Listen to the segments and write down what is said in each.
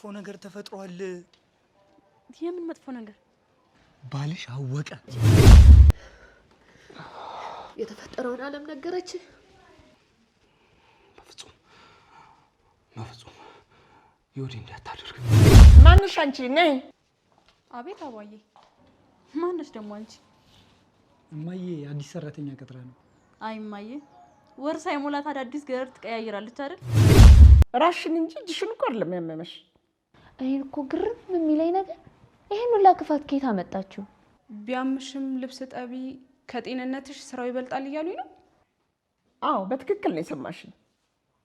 መጥፎ ነገር ተፈጥሯል። የምን መጥፎ ነገር? ባልሽ አወቀ። የተፈጠረውን ዓለም ነገረች። በፍጹም በፍጹም ይሁዲ እንዳታደርግ። ማንሽ አንቺ ነይ። አቤት አባዬ። ማነሽ ደግሞ አንቺ? እማዬ አዲስ ሰራተኛ ቀጥራ ነው። አይ እማዬ፣ ወር ሳይሞላት አዳዲስ ገረድ ትቀያይራለች አይደል? ራሽን እንጂ እጅሽን እኮ አይደለም ያመመሽ። እኔን እኮ ግርም የሚለኝ ነገር ይሄን ሁላ ክፋት ከየት አመጣችሁ? ቢያምሽም ልብስ ጠቢ ከጤንነትሽ ስራው ይበልጣል እያሉኝ ነው። አዎ በትክክል ነው ሰማሽ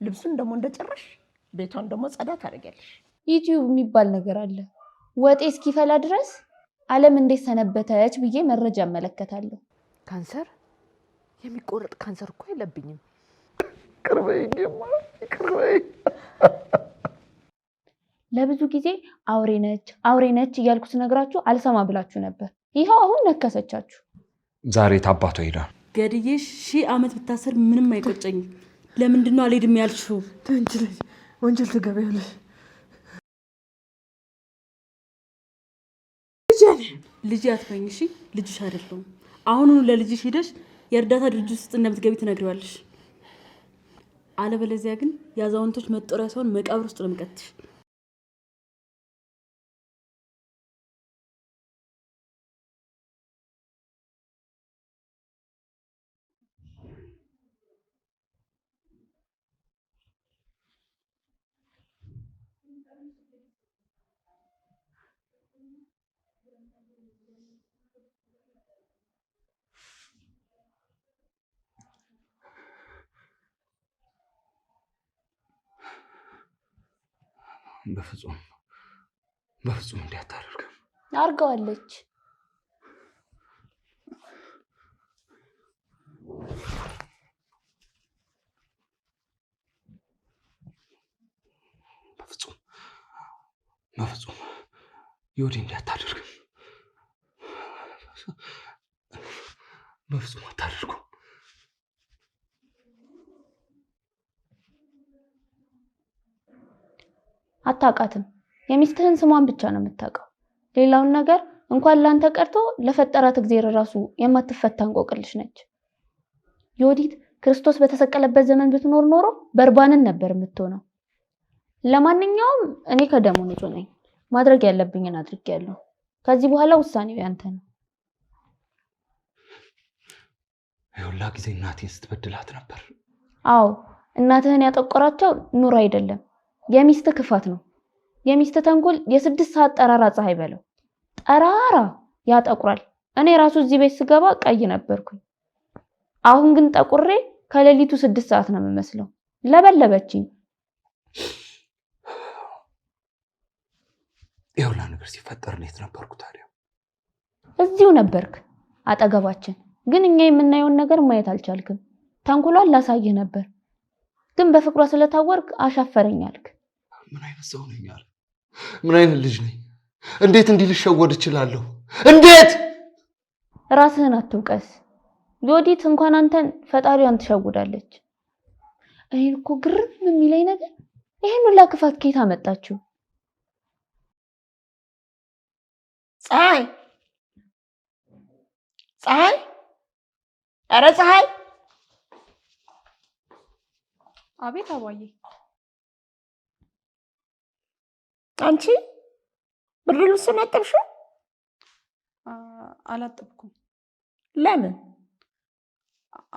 ልብሱን ደግሞ እንደጨረሽ ቤቷን ደግሞ ጸዳ ታደርጊያለሽ። ዩቲዩብ የሚባል ነገር አለ። ወጤ እስኪፈላ ድረስ ዓለም እንዴት ሰነበተች ብዬ መረጃ እመለከታለሁ። ካንሰር የሚቆረጥ ካንሰር እኮ የለብኝም። ቅርበይ ቅርበይ ለብዙ ጊዜ አውሬ ነች አውሬ ነች እያልኩ ስነግራችሁ አልሰማ ብላችሁ ነበር። ይኸው አሁን ነከሰቻችሁ። ዛሬ ታባቶ ሄዳ ገድዬ ሺህ ዓመት ብታሰር ምንም አይቆጨኝ ለምንድን ነው አልሄድም ያልሽው? ወንጀል ትገቢያለሽ። ልጅ አትበኝ እሺ። ልጅሽ አይደለሁም። አሁኑኑ ለልጅሽ ሂደሽ የእርዳታ ድርጅት ውስጥ እንደምትገቢ ትነግሪዋለሽ። አለበለዚያ ግን የአዛውንቶች መጦሪያ ሳይሆን መቃብር ውስጥ ነው የምቀትሽ። በፍጹም በፍጹም እንዲህ አታደርግም። አድርገዋለች። በፍጹም በፍጹም ይሁዲ እንዲህ አታደርግም። በፍጹም አታደርጉም። አታውቃትም። የሚስትህን ስሟን ብቻ ነው የምታውቀው። ሌላውን ነገር እንኳን ላንተ ቀርቶ ለፈጠራት እግዜር ራሱ የማትፈታ እንቆቅልሽ ነች። ዮዲት ክርስቶስ በተሰቀለበት ዘመን ብትኖር ኖሮ በርባንን ነበር የምትሆነው። ለማንኛውም እኔ ከደሙ ንጹህ ነኝ። ማድረግ ያለብኝን አድርጌያለሁ። ከዚህ በኋላ ውሳኔው ያንተ ነው። የሁላ ጊዜ እናቴን ስትበድላት ነበር። አዎ እናትህን ያጠቆራቸው ኑሮ አይደለም የሚስት ክፋት ነው። የሚስት ተንኮል የስድስት ሰዓት ጠራራ ፀሐይ በለው ጠራራ ያጠቁራል። እኔ ራሱ እዚህ ቤት ስገባ ቀይ ነበርኩኝ። አሁን ግን ጠቁሬ ከሌሊቱ ስድስት ሰዓት ነው የምመስለው። ለበለበችኝ። የሁላ ነገር ሲፈጠር ነበርኩ ታዲያ? እዚሁ ነበርክ አጠገባችን። ግን እኛ የምናየውን ነገር ማየት አልቻልክም። ተንኮሏን ላሳይህ ነበር ግን በፍቅሯ ስለታወርክ አሻፈረኝ አልክ። ምን አይነት ሰው ነኝ? አለ ምን አይነት ልጅ ነኝ? እንዴት እንዲህ ልሸወድ እችላለሁ? እንዴት ራስህን አትውቀስ። ዮዲት እንኳን አንተን ፈጣሪዋን ትሸውዳለች። እኔን እኮ ግርም የሚለኝ ነገር ይሄን ሁላ ክፋት ከየት አመጣችሁ? ፀሐይ ፀሐይ፣ ኧረ ፀሐይ! አቤት አባዬ አንቺ ብርድ ልብሱን አጠብሽው? አላጠብኩም። ለምን?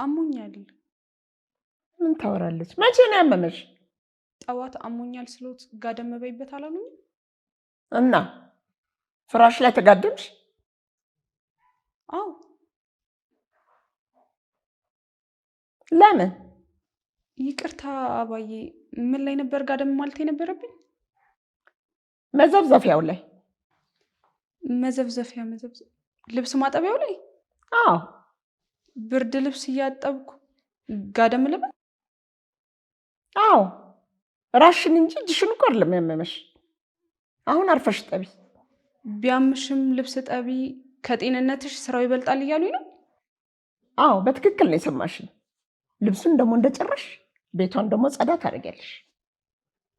አሞኛል። ምን ታወራለች? መቼ ነው ያመመሽ? ጠዋት አሞኛል ስሎት ጋደም በይበት አላሉኝም? እና ፍራሽ ላይ ተጋደምሽ? አዎ። ለምን? ይቅርታ አባዬ፣ ምን ላይ ነበር ጋደም ማለት የነበረብኝ? መዘብዘፊያው ላይ መዘብዘፊያ መዘብዘፍ ልብስ ማጠቢያው ላይ አዎ ብርድ ልብስ እያጠብኩ ጋደም ልበል አዎ ራሽን እንጂ እጅሽን እኮ አይደለም ያመመሽ አሁን አርፈሽ ጠቢ ቢያምሽም ልብስ ጠቢ ከጤንነትሽ ስራው ይበልጣል እያሉኝ ነው አዎ በትክክል ነው የሰማሽን ልብሱን ደግሞ እንደጨረሽ ቤቷን ደግሞ ጸዳት ታደርጊያለሽ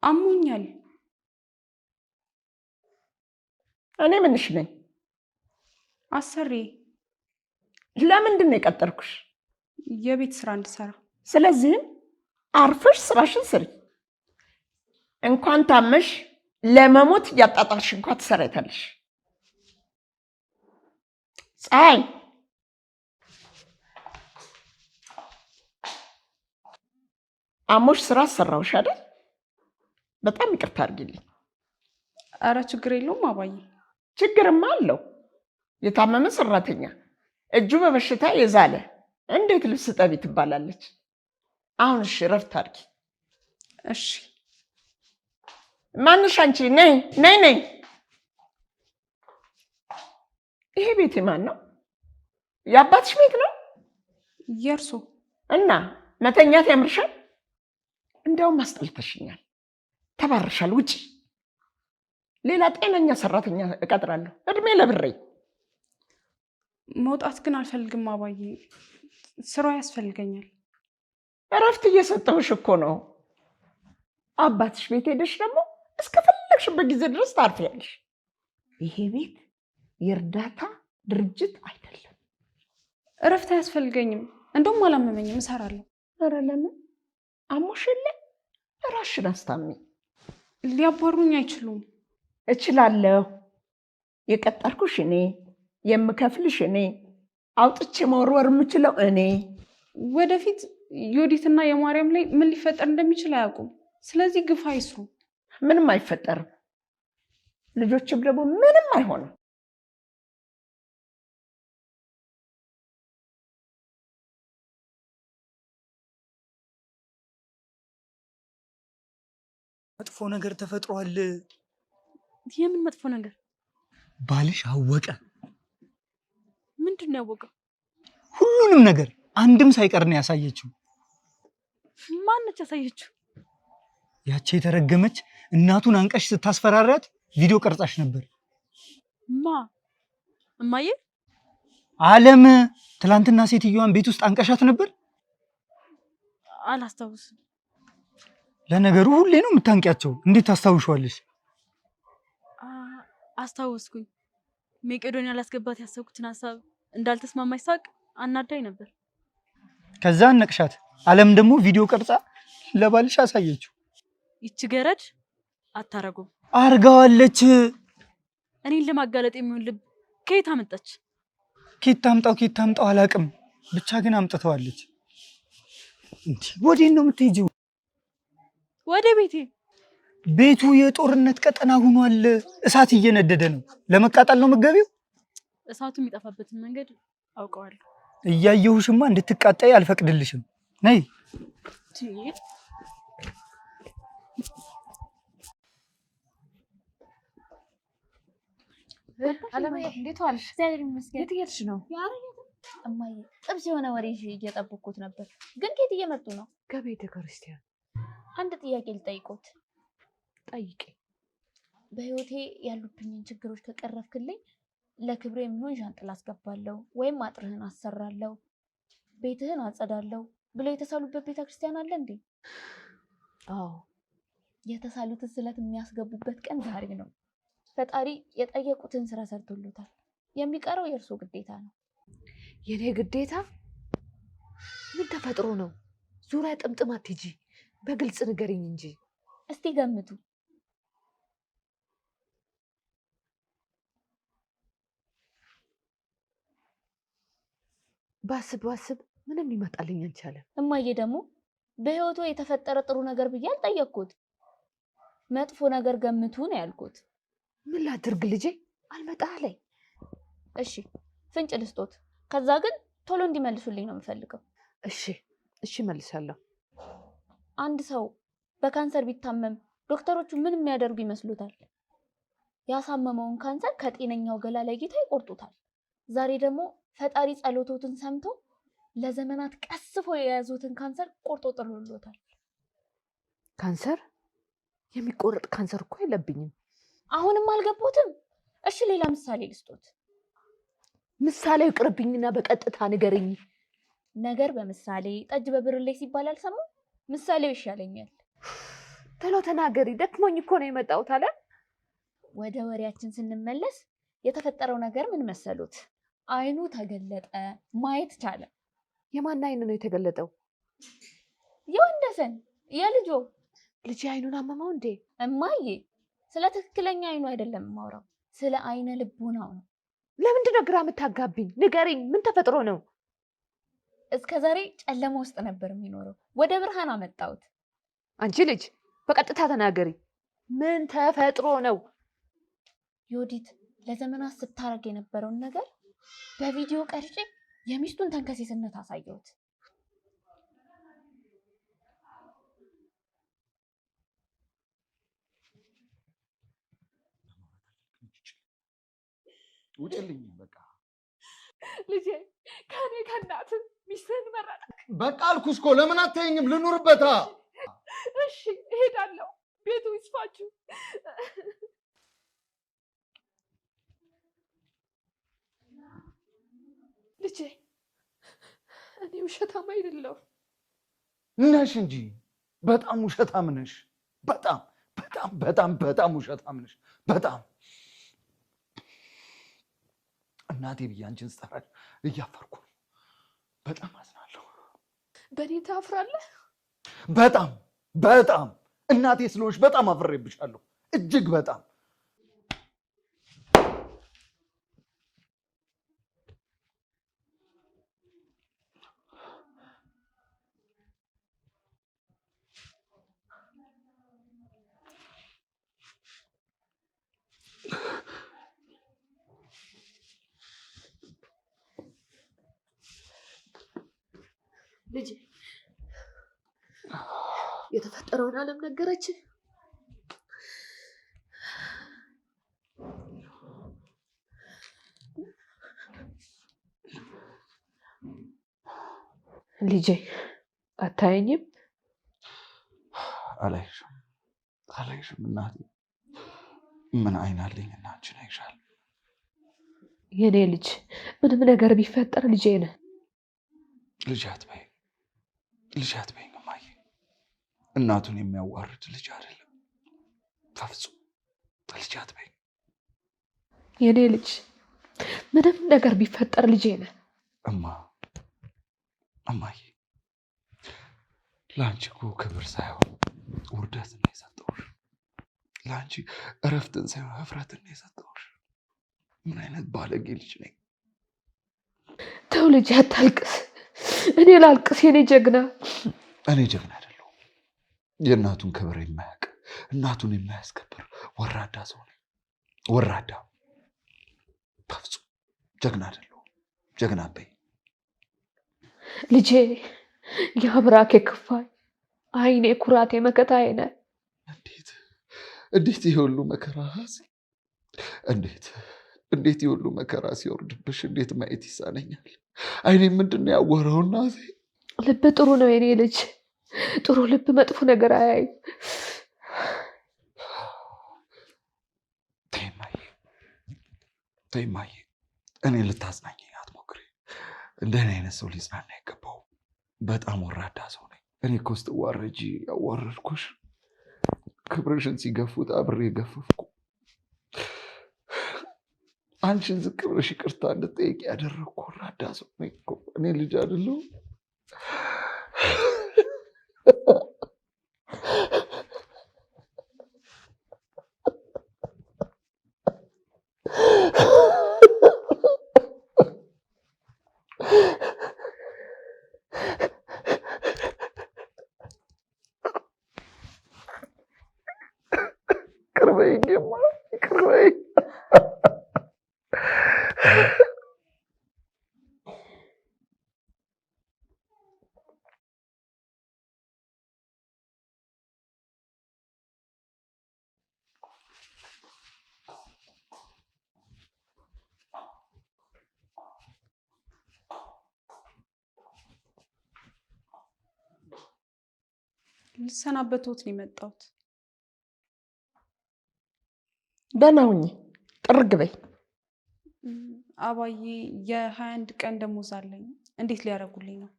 አሞኛል እኔ ምንሽ ነኝ? አሰሪ። ለምንድን ነው የቀጠርኩሽ? የቤት ስራ እንድሰራ። ስለዚህም አርፈሽ ስራሽን ስሪ። እንኳን ታመሽ ለመሞት እያጣጣሽ እንኳን ትሰራይታለሽ። ፀሐይ አሞሽ ስራ አሰራውሽ አይደል? በጣም ይቅርታ አድርጊልኝ። አረ ችግር የለውም አባዬ ችግርማ አለው። የታመመ ሰራተኛ እጁ በበሽታ የዛለ እንዴት ልብስ ጠቢ ትባላለች? አሁን እሺ፣ እረፍት አድርጊ። እሺ፣ ማንሽ? አንቺ ነይ ነይ ነይ። ይሄ ቤት የማን ነው? የአባትሽ ቤት ነው? የእርሶ እና መተኛት ያምርሻል? እንዲያውም አስጠልተሽኛል። ተባርሻል፣ ውጪ ሌላ ጤነኛ ሰራተኛ እቀጥራለሁ። እድሜ ለብሬ። መውጣት ግን አልፈልግም አባዬ፣ ስራ ያስፈልገኛል። እረፍት እየሰጠሁሽ እኮ ነው። አባትሽ ቤት ሄደሽ ደግሞ እስከፈለግሽበት ጊዜ ድረስ ታርፊያለሽ። ይሄ ቤት የእርዳታ ድርጅት አይደለም። እረፍት አያስፈልገኝም። እንደውም አላመመኝም፣ እሰራለሁ። ኧረ ለምን አሞሽ የለ? እራስሽን አስታሚ። ሊያባሩኝ አይችሉም። እችላለሁ፣ የቀጠርኩሽ እኔ፣ የምከፍልሽ እኔ፣ አውጥቼ መወርወር የምችለው እኔ። ወደፊት ዮዲትና የማርያም ላይ ምን ሊፈጠር እንደሚችል አያውቁም። ስለዚህ ግፋ አይስሩ። ምንም አይፈጠርም። ልጆችም ደግሞ ምንም አይሆንም። መጥፎ ነገር ተፈጥሯል። የምን መጥፎ ነገር? ባልሽ አወቀ። ምንድን ነው ያወቀው? ሁሉንም ነገር አንድም ሳይቀር ነው ያሳየችው። ማነች ያሳየችው? ያቺ የተረገመች እናቱን አንቀሽ ስታስፈራራት ቪዲዮ ቀርጻሽ ነበር። ማ እማዬ? አለም ትላንትና ሴትዮዋን ቤት ውስጥ አንቀሻት ነበር። አላስታውስም። ለነገሩ ሁሌ ነው የምታንቂያቸው። እንዴት ታስታውሻለሽ? አስታወስኩኝ። ሜቄዶንያ ላስገባት ያሰብኩትን ሀሳብ እንዳልተስማማኝ ሳቅ አናዳኝ ነበር። ከዛ ነቅሻት። አለም ደግሞ ቪዲዮ ቀርጻ ለባልሽ አሳየችው። ይቺ ገረድ አታረጉም አርጋዋለች። እኔን ለማጋለጥ የሚሆን ልብ ከየት አመጣች? ኬት ታምጣው ኬት ታምጣው አላውቅም፣ ብቻ ግን አምጥተዋለች። እንዲህ ወዴት ነው የምትሄጂው? ወደ ቤቴ ቤቱ የጦርነት ቀጠና ሆኗል። እሳት እየነደደ ነው። ለመቃጠል ነው መገቢው። እሳቱ የሚጠፋበትን መንገድ አውቀዋለሁ። እያየሁሽማ እንድትቃጣይ አልፈቅድልሽም። ነይ ጥብስ የሆነ ወሬ እየጠበኩት ነበር፣ ግን ከየት እየመጡ ነው? ከቤተ ክርስቲያን። አንድ ጥያቄ ልጠይቆት ጠይቄ በህይወቴ ያሉብኝን ችግሮች ከቀረፍክልኝ ለክብሬ የሚሆን ዣንጥላ አስገባለሁ ወይም አጥርህን አሰራለሁ፣ ቤትህን አጸዳለሁ ብለው የተሳሉበት ቤተ ክርስቲያን አለ እንዴ? አዎ፣ የተሳሉትን ስለት የሚያስገቡበት ቀን ዛሬ ነው። ፈጣሪ የጠየቁትን ስራ ሰርቶሎታል። የሚቀረው የእርሶ ግዴታ ነው። የኔ ግዴታ ምን ተፈጥሮ ነው? ዙሪያ ጥምጥም አትሂጂ፣ በግልጽ ንገሪኝ እንጂ። እስቲ ገምቱ ባስብ ባስብ ምንም ሊመጣልኝ አልቻለም። እማዬ ደግሞ በህይወቱ የተፈጠረ ጥሩ ነገር ብዬ አልጠየቅኩት፣ መጥፎ ነገር ገምቱ ነው ያልኩት። ምን ላድርግ ልጄ አልመጣ ላይ። እሺ ፍንጭ ልስጦት፣ ከዛ ግን ቶሎ እንዲመልሱልኝ ነው የምፈልገው። እሺ እሺ፣ መልሳለሁ። አንድ ሰው በካንሰር ቢታመም ዶክተሮቹ ምን የሚያደርጉ ይመስሉታል? ያሳመመውን ካንሰር ከጤነኛው ገላ ጌታ ይቆርጡታል። ዛሬ ደግሞ ፈጣሪ ጸሎቶትን ሰምቶ ለዘመናት ቀስፎ የያዙትን ካንሰር ቆርጦ ጥሎሎታል። ካንሰር የሚቆረጥ ካንሰር እኮ የለብኝም። አሁንም አልገቦትም። እሺ ሌላ ምሳሌ ልስጦት። ምሳሌው ቅርብኝና በቀጥታ ንገርኝ። ነገር በምሳሌ ጠጅ በብርሌ ሲባል አልሰማም። ምሳሌው ይሻለኛል። ቶሎ ተናገሪ፣ ደክሞኝ እኮ ነው የመጣሁት አለ። ወደ ወሬያችን ስንመለስ የተፈጠረው ነገር ምን መሰሉት? አይኑ ተገለጠ፣ ማየት ቻለ። የማን አይን ነው የተገለጠው? የወንደሰን የልጆ ልጅ አይኑን አመመው እንዴ? እማዬ፣ ስለ ትክክለኛ አይኑ አይደለም የማውራው፣ ስለ አይነ ልቦናው ነው። ለምንድን ነው ግራ የምታጋቢኝ? ንገሪኝ፣ ምን ተፈጥሮ ነው? እስከ ዛሬ ጨለማ ውስጥ ነበር የሚኖረው፣ ወደ ብርሃን አመጣሁት። አንቺ ልጅ በቀጥታ ተናገሪ፣ ምን ተፈጥሮ ነው? ዮዲት ለዘመናት ስታረግ የነበረውን ነገር በቪዲዮ ቀርጬ የሚስቱን ተንከሴስነት አሳየሁት። ውጭልኝ በቃ ልጄ፣ ከኔ ከእናት ሚስትህን መረጥክ። በቃ አልኩህ እኮ ለምን አታየኝም ልኑርበታ። እሺ እሄዳለሁ። ቤቱ ይስፋችሁ። ልጄ እኔ ውሸታም አይደለሁም። ነሽ እንጂ በጣም ውሸታም ነሽ። በጣም በጣም በጣም በጣም ውሸታም ነሽ። በጣም እናቴ ብዬ አንቺን ስጠራሽ እያፈርኩ በጣም አዝናለሁ። በእኔ ታፍራለህ? በጣም በጣም እናቴ ስለሆንሽ በጣም አፍሬብሻለሁ። እጅግ በጣም ልጅ የተፈጠረውን ዓለም ነገረች። ልጄ አታየኝም? አላይሽም፣ አላይሽም እናቴ። ምን አይን አለኝ እና አይሻል? የኔ ልጅ ምንም ነገር ቢፈጠር ልጄ ነህ። ልጅ አትበይ ልጅ አትበይኝ እማዬ። እናቱን የሚያዋርድ ልጅ አይደለም። በፍጹም ልጅ አትበይኝ። የኔ ልጅ ምንም ነገር ቢፈጠር ልጄ ነህ። እማ እማዬ፣ ለአንቺ እኮ ክብር ሳይሆን ውርደት ነው የሰጠሁሽ። ለአንቺ እረፍትን ሳይሆን ህፍረትን ነው የሰጠሁሽ። ምን አይነት ባለጌ ልጅ ነኝ። ተው ልጅ አታልቅስ። እኔ ላልቅስ። የኔ ጀግና እኔ ጀግና አይደለሁ። የእናቱን ክብር የማያውቅ እናቱን የማያስከብር ወራዳ ሰው ነኝ። ወራዳ በፍጹም ጀግና አይደለሁም። ጀግና በይ ልጄ። የአብራኬ ክፋይ አይኔ ኩራቴ መከታ አይነ እንዴት እንዴት የሁሉ መከራ እንዴት እንዴት የሁሉ መከራ ሲወርድብሽ እንዴት ማየት ይሳነኛል? አይኔ ምንድን ነው ያወረው? እናቴ ልብ ጥሩ ነው የኔ ልጅ፣ ጥሩ ልብ መጥፎ ነገር አያይም። ተይ እኔ ልታዝናኘኝ አትሞክሪ። እንደ እኔ አይነት ሰው ሊጽናና አይገባው። በጣም ወራዳ ሰው ነኝ እኔ። እኮ ስትዋረጂ ያዋረድኩሽ፣ ክብርሽን ሲገፉት አብሬ ገፈፍኩ። አንቺን ዝቅ ብለሽ ይቅርታ እንድጠይቅ ያደረግኩ ራዳ ሰው እኔ ልጅ አይደለሁም ልሰናበትዎት ነው የመጣሁት። ደህና ሁኚ፣ ጥርግ በይ። አባዬ የሀያ አንድ ቀን ደሞዝ አለኝ። እንዴት ሊያደርጉልኝ ነው?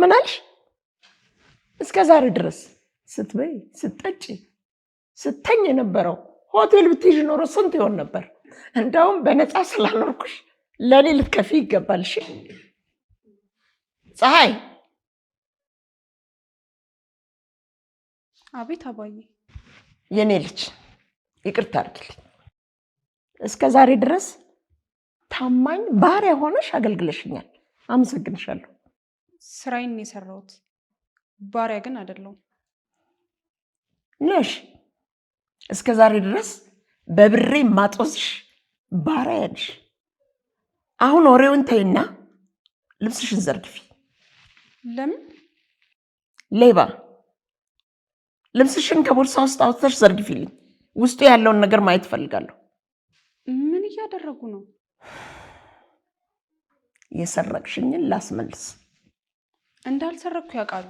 ምን አልሽ? እስከ ዛሬ ድረስ ስትበይ ስትጠጪ ስተኝ የነበረው ሆቴል ብትይዥ ኖሮ ስንት ይሆን ነበር? እንደውም በነፃ ስላኖርኩሽ ለእኔ ልትከፊ ይገባልሽ። ፀሐይ አቤት አባዬ። የኔ ልጅ ይቅርታ አድርጊልኝ። እስከ ዛሬ ድረስ ታማኝ ባሪያ ሆነሽ አገልግለሽኛል። አመሰግንሻለሁ። ስራዬን የሰራሁት ባሪያ ግን አይደለሁም። ነሽ። እስከ ዛሬ ድረስ በብሬ ማጦዝሽ ባሪያ ነሽ። አሁን ወሬውን ተይና ልብስሽን ዘርግፊ። ለምን ሌባ ልብስሽን ከቦርሳ ውስጥ አውጥተሽ ዘርግፊልኝ። ውስጡ ያለውን ነገር ማየት እፈልጋለሁ። ምን እያደረጉ ነው? የሰረቅሽኝን ላስመልስ። እንዳልሰረቅኩ ያውቃሉ።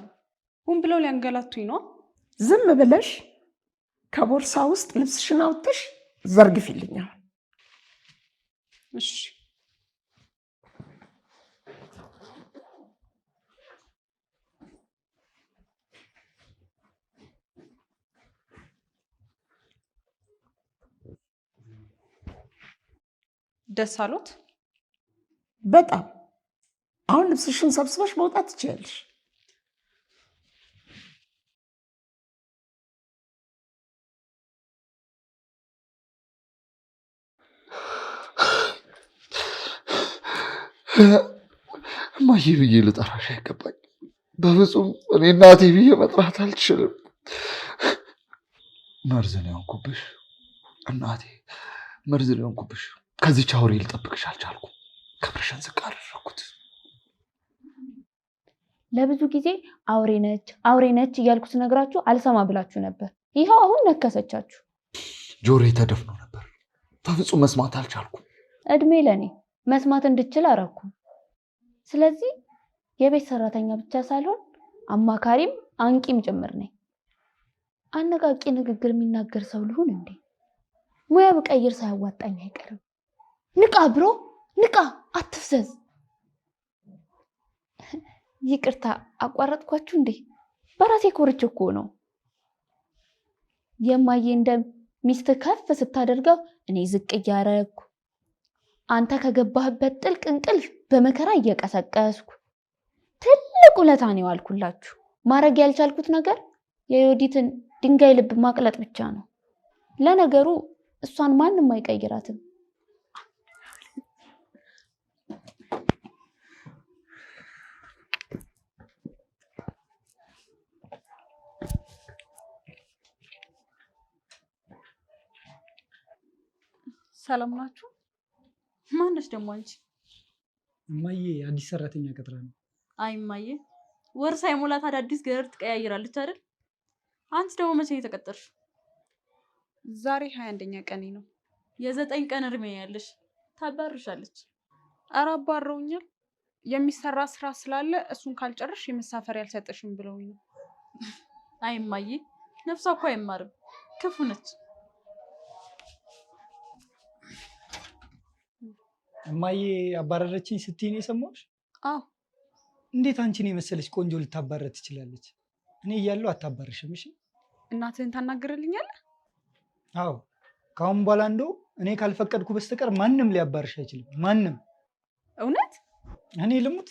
ሁን ብለው ሊያንገላቱኝ ነው። ዝም ብለሽ ከቦርሳ ውስጥ ልብስሽን አውጥተሽ ዘርግፊልኛል። እሺ ደስ አሉት በጣም። አሁን ልብስሽን ሰብስበሽ መውጣት ትችያለሽ። እማዬ ብዬ ልጠራሽ አይገባኝ። በፍጹም እኔ እናቴ ብዬ መጥራት አልችልም። መርዝ ነው ያንኩብሽ እናቴ፣ መርዝ ነው ያንኩብሽ። ከዚች አውሬ ልጠብቅሽ አልቻልኩም። ክብርሽን ዝቅ አደረኩት። ለብዙ ጊዜ አውሬ ነች አውሬ ነች እያልኩ ስነግራችሁ አልሰማ ብላችሁ ነበር። ይኸው አሁን ነከሰቻችሁ። ጆሬ ተደፍኖ ነበር። በፍጹም መስማት አልቻልኩም። እድሜ ለእኔ መስማት እንድችል አረኩ። ስለዚህ የቤት ሰራተኛ ብቻ ሳልሆን አማካሪም አንቂም ጭምር ነኝ። አነቃቂ ንግግር የሚናገር ሰው ልሁን እንዴ? ሙያ ብቀይር ሳያዋጣኝ አይቀርም። ንቃ ብሮ ንቃ፣ አትፍዘዝ። ይቅርታ አቋረጥኳችሁ እንዴ? በራሴ ኮርች እኮ ነው። የማዬ እንደ ሚስት ከፍ ስታደርገው እኔ ዝቅ እያረግኩ አንተ ከገባህበት ጥልቅ እንቅልፍ በመከራ እየቀሰቀስኩ ትልቅ ውለታ ነው የዋልኩላችሁ። ማድረግ ያልቻልኩት ነገር የዮዲትን ድንጋይ ልብ ማቅለጥ ብቻ ነው። ለነገሩ እሷን ማንም አይቀይራትም። ሰላም ናችሁ? ማነች ደግሞ አንቺ? እማዬ አዲስ ሰራተኛ ቀጥራ ነው። አይ እማዬ፣ ወር ሳይሞላት አዳዲስ ገር ትቀያይራለች አይደል? አንቺ ደግሞ መቼ ነው የተቀጠርሽ? ዛሬ ሀያ አንደኛ ቀኔ ነው። የዘጠኝ ቀን እድሜ ያለሽ ታባርሻለች። ኧረ አባረውኛል። የሚሰራ ስራ ስላለ እሱን ካልጨርሽ የመሳፈሪያ አልሰጠሽም ብለውኝ ነው። አይ እማዬ፣ ነፍሷ እኮ አይማርም፣ ክፉ ነች። እማዬ አባረረችኝ ስትይ ነው የሰማሁሽ? አዎ። እንዴት አንቺን የመሰለች ቆንጆ ልታባረር ትችላለች? እኔ እያለሁ አታባርሽም። እሺ፣ እናትህን ታናግርልኛለህ? አዎ። ከአሁን በኋላ እንደው እኔ ካልፈቀድኩ በስተቀር ማንም ሊያባርሽ አይችልም። ማንም። እውነት? እኔ ልሙት።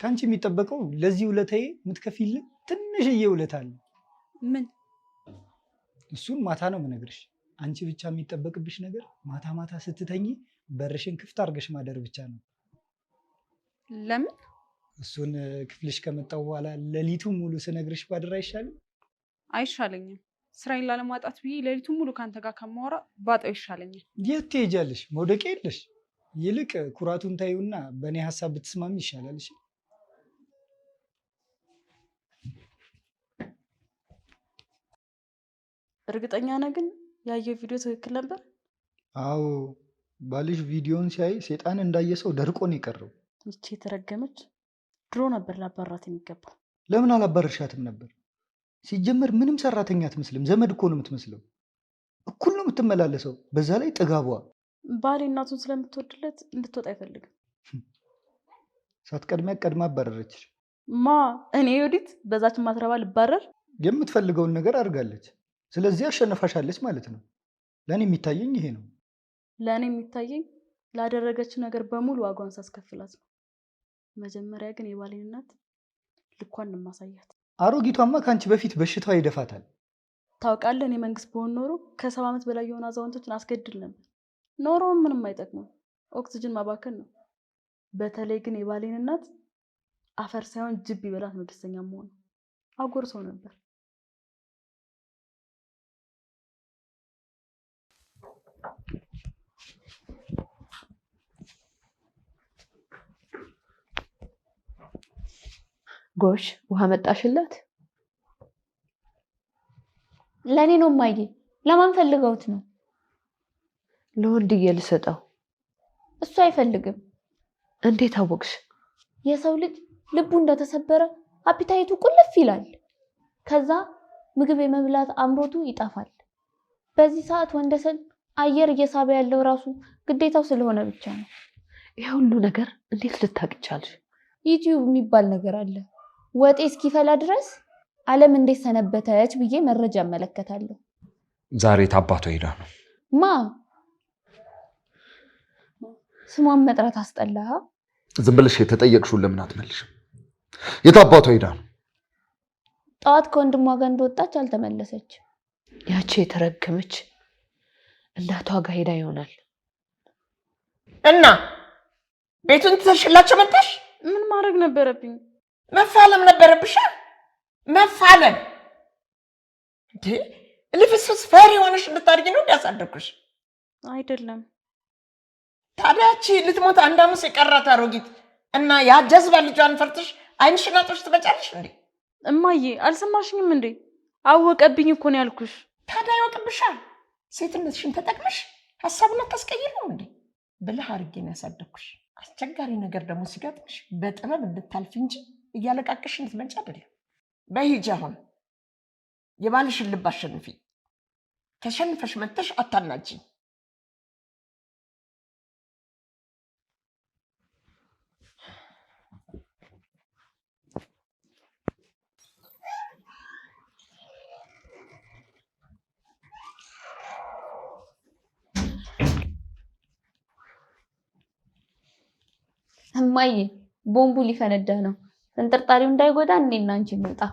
ከአንቺ የሚጠበቀው ለዚህ ውለታዬ የምትከፊልን ትንሽዬ ውለታ አለ። ምን? እሱን ማታ ነው የምነግርሽ። አንቺ ብቻ የሚጠበቅብሽ ነገር ማታ ማታ ስትተኝ በርሽን ክፍት አድርገሽ ማደር ብቻ ነው። ለምን እሱን ክፍልሽ ከመጣው በኋላ ሌሊቱ ሙሉ ስነግርሽ ባድር አይሻልም? አይሻለኝም። ስራዬን ላለማጣት ብዬ ሌሊቱ ሙሉ ከአንተ ጋር ከማወራ ባጣው ይሻለኛል። የት ትሄጃለሽ? መውደቅ የለሽ። ይልቅ ኩራቱን ታዩና በእኔ ሀሳብ ብትስማሚ ይሻላልሽ። እርግጠኛ ነህ ግን ያየው ቪዲዮ ትክክል ነበር? አዎ ባልሽ ቪዲዮን ሲያይ ሴጣን እንዳየ ሰው ደርቆ ነው የቀረው። ይቺ የተረገመች ድሮ ነበር ላባራት የሚገባው። ለምን አላባረርሻትም ነበር? ሲጀመር ምንም ሰራተኛ አትመስልም። ዘመድ እኮ ነው የምትመስለው። እኩል ነው የምትመላለሰው። በዛ ላይ ጥጋቧ። ባሌ እናቱን ስለምትወድለት እንድትወጣ አይፈልግም። ሳትቀድሚያ ቀድማ አባረረች። ማ እኔ ወዲት በዛች ማትረባ ልባረር። የምትፈልገውን ነገር አድርጋለች። ስለዚህ አሸነፋሻለች ማለት ነው። ለእኔ የሚታየኝ ይሄ ነው። ለእኔ የሚታየኝ ላደረገችው ነገር በሙሉ ዋጋዋን ሳስከፍላት ነው። መጀመሪያ ግን የባሌን እናት ልኳን ማሳያት። አሮጊቷማ ከአንቺ በፊት በሽታዋ ይደፋታል። ታውቃለህ፣ እኔ መንግስት በሆን ኖሮ ከሰባ ዓመት በላይ የሆኑ አዛውንቶችን አስገድል ነበር። ኖሮም ምንም አይጠቅሙም፣ ኦክስጅን ማባከን ነው። በተለይ ግን የባሌን እናት አፈር ሳይሆን ጅብ ይበላት ነው ደስተኛ መሆኑ አጎርሰው ነበር። ጎሽ ውሃ መጣሽለት! ለእኔ ነው ማየ። ለማን ፈልገውት ነው? ለወንድዬ ልሰጠው። እሱ አይፈልግም። እንዴት አወቅሽ? የሰው ልጅ ልቡ እንደተሰበረ አፒታይቱ ቁልፍ ይላል። ከዛ ምግብ የመብላት አምሮቱ ይጠፋል። በዚህ ሰዓት ወንደሰን አየር እየሳበ ያለው ራሱ ግዴታው ስለሆነ ብቻ ነው። ይህ ሁሉ ነገር እንዴት ልታቅቻልሽ? ዩቲዩብ የሚባል ነገር አለ። ወጤ እስኪፈላ ድረስ ዓለም እንዴት ሰነበተች ብዬ መረጃ እመለከታለሁ። ዛሬ ታባቷ ሄዳ ነው። ማ ስሟን መጥራት አስጠላ። ዝም ብለሽ የተጠየቅሽውን ለምን አትመልሽም? የታባቷ ሄዳ ነው። ጠዋት ከወንድሟ ጋር እንደወጣች አልተመለሰች። ያቺ የተረገመች እናቷ ጋር ሄዳ ይሆናል። እና ቤቱን ትተሽላቸው መጣሽ? ምን ማድረግ ነበረብኝ? መፋለም ነበረብሻል። መፋለም እንዴ! ልፍስፍስ ፈሪ የሆነሽ እንድታድጊ ነው እንዲያሳደግኩሽ አይደለም። ታዲያቺ ልትሞት አንድ አምስት የቀራት አሮጊት እና ያ ጀዝባ ልጇን ፈርተሽ ዓይንሽን አጥሽ ትመጫለሽ እንዴ? እማዬ አልሰማሽኝም እንዴ? አወቀብኝ እኮ ነው ያልኩሽ። ታዲያ ይወቅብሻል። ሴትነትሽን ተጠቅመሽ ሀሳቡን ነው እንዴ ብለህ አድርጌ ነው ያሳደግኩሽ። አስቸጋሪ ነገር ደግሞ ሲጋጥምሽ በጥበብ እንድታልፍ እንጂ እያለቃቅሽ እንድትመጪ አይደለም። በሂጂ አሁን የባልሽን ልብ አሸንፊ። ተሸንፈሽ መጥተሽ አታናጅኝ። እማዬ ቦምቡ ሊፈነዳ ነው። ተንጠርጣሪው እንዳይጎዳ እኔና አንቺ እንውጣ።